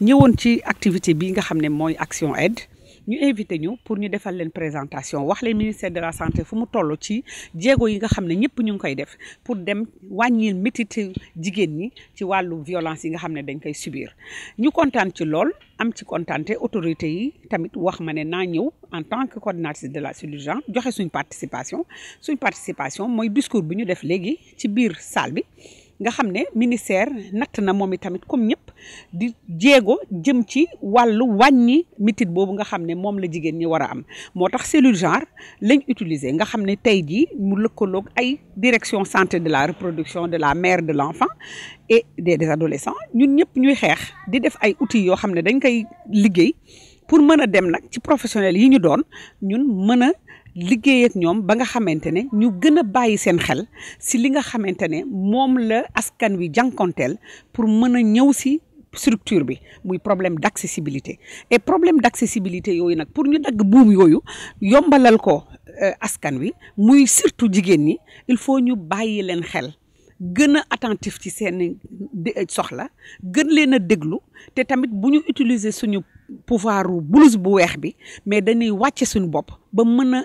ñëwoon ci activité bi nga xam ne mooy Action Aid ñu invité ñu pour ñu defal leen présentation wax leen ministère de la santé fu mu toll ci jéego yi nga xam ne ñëpp ñu ngi koy def pour dem wàññil métit jigéen ñi ci wàllu violence yi nga xam ne dañ koy subir ñu kontaan ci lool am ci kontaante autorité yi tamit wax ma ne naa ñëw en tant que coordinatrice de la SULUGEN joxe suñ participation suñ participation mooy discours bi ñu def léegi ci biir salle bi nga xamné ministère na tamit comme ñep di djégo jëm ci walu wañi mitit bobu nga xamné mom la jigen ñi am motax genre utiliser nga xamné direction santé de la reproduction de la mère de l'enfant et des adolescents ñun ñep ñuy di def ay outils yo xamné dañ pour mëna professionnels yi liggéey ak ñoom ba nga xamante ne ñu gën a bàyyi seen xel si li nga xamante ne moom la askan wi jànkonteel pour mën a ñëw si structure bi muy problème d'accessibilité et problème d'accessibilité yooyu nag pour ñu dagg buum yooyu yombalal ko euh, askan wi muy surtout jigéen ñi il faut ñu bàyyi leen xel gën a attentif ci seen euh, soxla gën leen a déglu te tamit bu ñu utiliser suñu pouvoiru blouse bu weex bi mais dañuy wàcce suñu bopp ba mën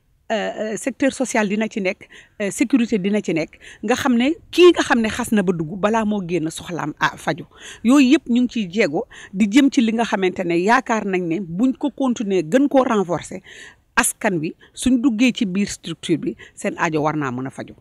Euh, euh, secteur sociale dina ci nekk euh, sécurité dina ci nekk nga xam ne kii nga xam ne xas na ba dugg balaa moo génn soxlaam ah fajo yooyu yëpp ñu ngi ciy jéego di jëm ci li nga xamante ne yaakaar nañ ne buñ ko continuer gën koo renforcer askan wi suñ duggee ci biir structure bi seen ajo war naa mën a fajo